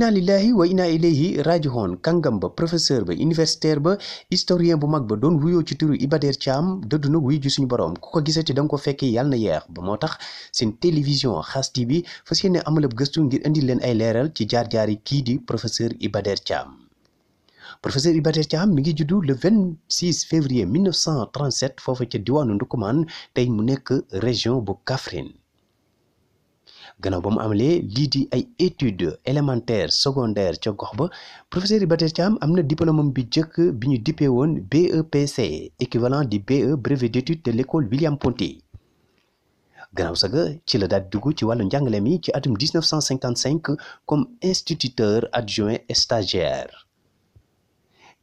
inna lillahi wa inna ilayhi rajihoon kàngam ba professeur ba universitaire ba historien bu mag ba doon wuyoo ci turu Iba Der Thiam dëdd na wuy ji suñu borom ku ko gisati ci nga ko fekkee yàlla na yeex ba moo tax seen télévision Khass TV fas yéene amal gëstu ngir indi leen ay leeral ci jaar-jaari kii di professeur Iba Der Thiam. professeur Iba Der Thiam mi ngi juddu le 26 février 1937 foofa ca diwaanu Ndukumaan tey mu nekk région bu Kaffrine gannaaw ba mu amalee lii di ay étude élémentaire secondaire ca gox ba professeur Iba Der Thiam am na diplôme bi njëkk bi ñu dippee woon BEPC équivalent du BE brevet d'étude de l'école William Ponty gannaaw saga ci la daal dugg ci wallu njàngale mi ci atum 1955 comme instituteur adjoint stagiaire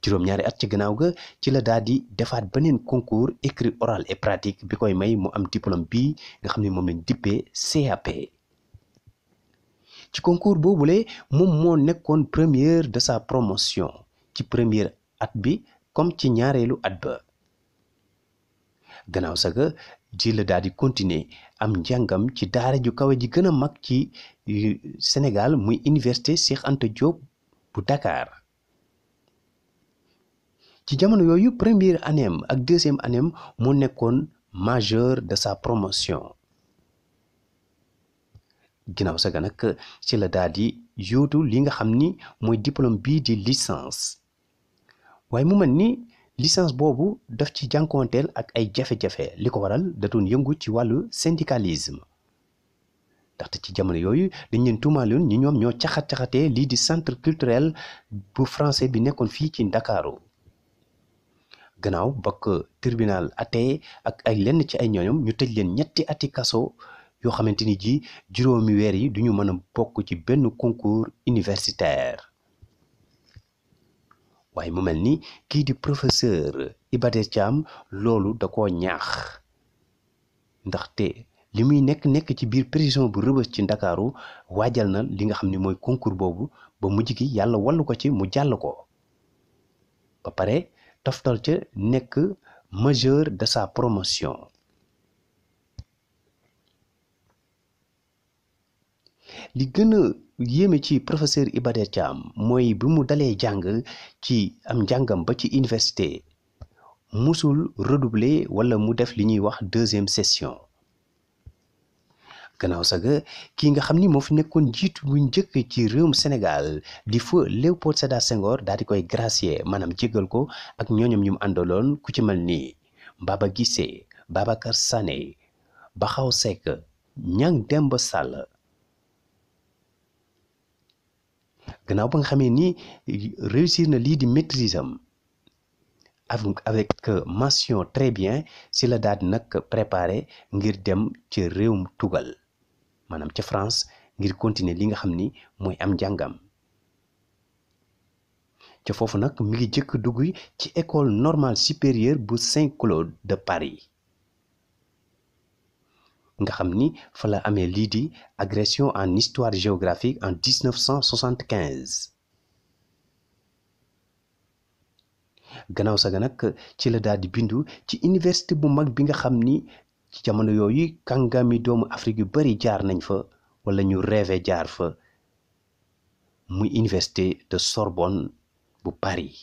juróom-ñaari at ci gannaaw ga ci la daal di defaat beneen concours écrit oral et pratique bi koy may mu am diplôme bii nga xam ne moom lañ dippee CAP ci concours boobule moom moo nekkoon première de sa promotion ci première at bi comme ci ñaareelu at ba gannaaw saga ji la daal di continuer am njàngam ci daara ju kawe ji gën a mag ci Sénégal muy université Cheikh Anta Diop bu Dakar ci jamono yooyu première année am ak deuxième année am mu nekkoon majeur de sa promotion ginaaw saga nag ci la daal di yóotu li nga xam ni mooy diplôme bii di licence waaye mu mel ni licence boobu daf ci jànkuwanteel ak ay jafe-jafe li ko waral da doon yëngu ci wàllu syndicalisme ndaxte ci jamono yooyu dañ leen tuumaaloon ñi ñoom ñoo caxat-caxatee lii di centre culturel bu français bi nekkoon fii ci ndakaaroo ginnaaw bokk tribunal atee ak ay lenn ci ay ñooñom ñu tëj leen ñetti ati kaso yoo xamante ni ji juróomi weer yi duñu mën a bokk ci benn concours universitaire waaye mu mel ni kii di professeur Iba Der loolu da koo ñaax ndaxte li muy nekk nekk ci biir prison bu rëbës ci ndakaaru waajal na li nga xam ni mooy concours boobu ba mujj gi yàlla wallu ko ci mu jàll ko ba pare toftal ca nekk majeur de sa promotion li gën a yéeme ci professeur Iba Der mooy bi mu dalee jàng ci am njàngam ba ci université musul redouble wala mu def li ñuy wax deuxième session gannaaw saga ki nga xam ni moo fi nekkoon njiit bu njëkk ci réewum Sénégal di fa Léopold Sédar Senghor daal di koy gracier maanaam jégal ko ak ñooñam ñu mu àndaloon ku ci mel ni Mbaba Guissé Babacar Sané Baxaw Seck Niang Demba Sall gannaaw ba nga xamee nii réussir na lii di maîtrise am avec mention très bien si la daal di nag préparé ngir dem ci réewum tugal maanaam ca France ngir continuer li nga xam ni mooy am njàngam ca foofu nag mu ngi jëkk dugg ci école normale supérieure bu Saint-Claude de Paris nga xam ni fa la amee lii di agression en histoire géographique en 1975 gannaaw saga nag ci la daal bindu ci université bu mag bi nga xam ni ci jamono yooyu kàngami doomu Afrique yu bari jaar nañ fa walla ñu rêvé jaar fa muy université de Sorbonne bu Paris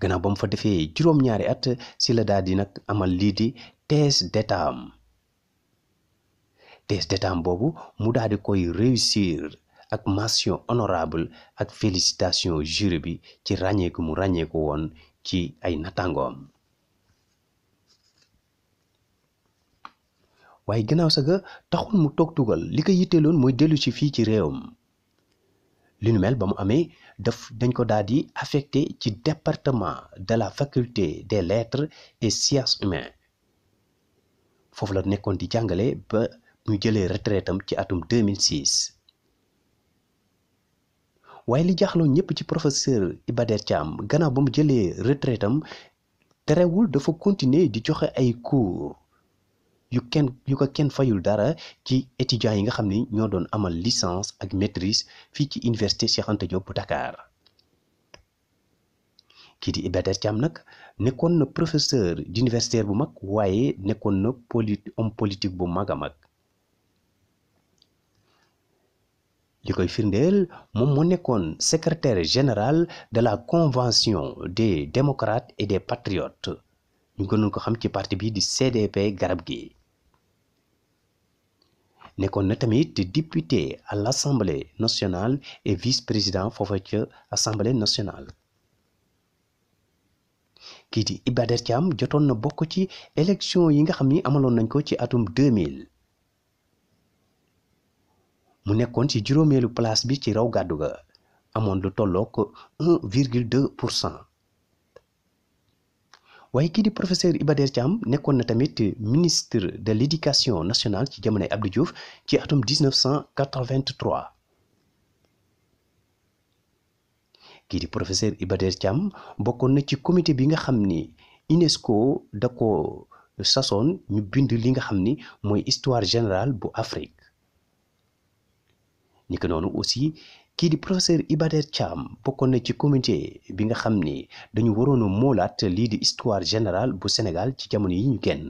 gannaaw ba mu fa defee juróom-ñaari at si la daal nag amal lii di test detam test detam boobu mu daal di koy réussir ak mention honorable ak félicitation juré bi ci ràññeeku mu ràññeeku woon ci ay nattangoom waaye ginnaaw sa ga taxul mu toog tugal li ko yitteeloon mooy dellu ci fii ci réewam li nu mel ba mu amee daf dañ ko daal di affecté ci departement de la faculté des lettres et sciences humaines foofu la nekkoon di jàngale ba ñu jëlee retraite am ci atum 2006 waaye li jaaxloo ñëpp ci professeur Iba Der am gannaaw ba mu jëlee retraite am terewul dafa continuer di joxe ay cours yu kenn yu ko kenn fayul dara ci étudiants yi nga xam ni ñoo doon amal licence ak maîtrise fii ci université Cheikh Anta Diop bu Dakar. kii di Iba Der Thiam nag nekkoon na professeur d'universitaire bu mag waaye nekkoon na poli homme politique bu mag a mag li koy firndeel moom mu nekkoon secretaire général de la convention des démocrates et des patriotes ñu gënoon ko xam ci parti bi di CDP garab gi nekkoon na tamit député à l'Assemblée nationale et vice-président foofu ca Assemblée nationale kii di Iba Der Thiam jotoon na bokk ci élection yi nga xam ni amaloon nañ ko ci atum 2000 mu nekkoon ci juróomeelu place bi ci raw gàddu ga amoon lu tollook 1,2 pour cent waaye kii di professeur Iba Der Thiam nekkoon na tamit ministre de l' éducation nationale ci jamonoy Abdou Diouf ci atum 1983. kii di professeur Iba Der bokkoon na ci comité bi nga xam ni UNESCO da ko sasoon ñu bind li nga xam ni mooy histoire générale bu Afrique ni noonu aussi kii di professeur Iba Der bokkoon na ci comité bi nga xam ni dañu waroon moolaat lii di histoire générale bu Sénégal ci jamono yi ñu génn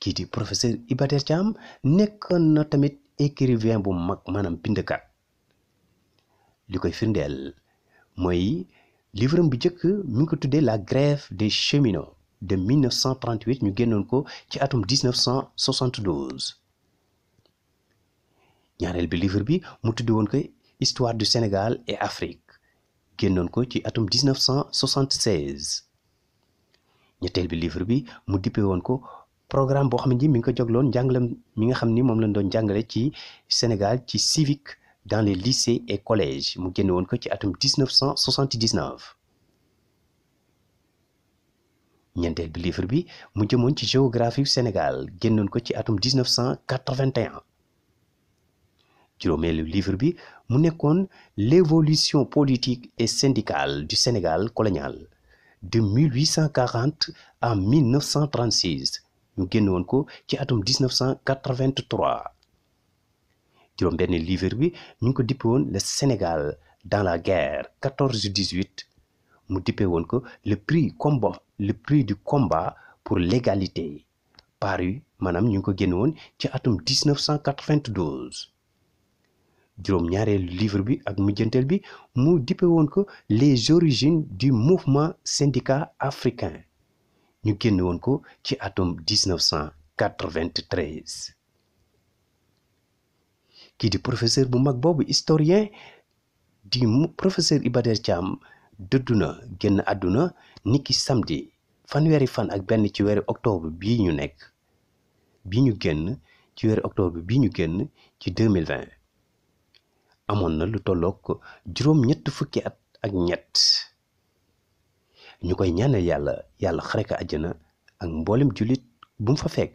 kii di professeur Iba Der Thiam na tamit écrivain bu mag maanaam bindkat li koy firndeel mooy livre am bu njëkk mi ngi ko tuddee la grève des cheminots de 1938 ñu génnoon ko ci atum 1972 ñaareel bi livre bi mu tuddee woon ko histoire du Sénégal et Afrique génnoon ko ci atum 1976 ñetteel bi livre bi mu dippe woon ko programme boo xam ne mi ngi ko jogloon njàngalam mi nga xam ni moom lañ doon jàngale ci Sénégal ci civique dans les lycées et collèges mu génnewoon ko ci atum 1979 ñeenteel bi livre bi mu jëmoon ci géographie Sénégal génnoon ko ci atum 1981 juróomeelu livre bi mu nekkoon l'évolution politique et syndicale du Sénégal colonial de 1840 à 1936 ñu génnoon ko ci atum 1983 juróom benn livre bi ñu ngi ko dippe woon le Sénégal dans la guerre 14 18 mu dippe woon ko le prix combat le prix du combat pour l'égalité paru maanaam ñu ngi ko génne woon ci atum 1992 juróom ñaareelu livre bi ak mujjanteel bi mu dippe woon ko les origines du mouvement syndicat africain ñu génne woon ko ci atum 1993 kii di professeur bu mag boobu historien di professeur Iba Der Thiam dëddu na génn àdduna niki samdi fanweeri fan ak benn ci weeri octobre bii ñu nekk bi ñu génn ci weeri octobre bii ñu génn ci 2020 amoon na lu tolloog juróom ñett fukki at ak ñett ñu koy ñaanal yàlla yàlla xare ko àjjana ak mboolem jullit bu mu fa fekk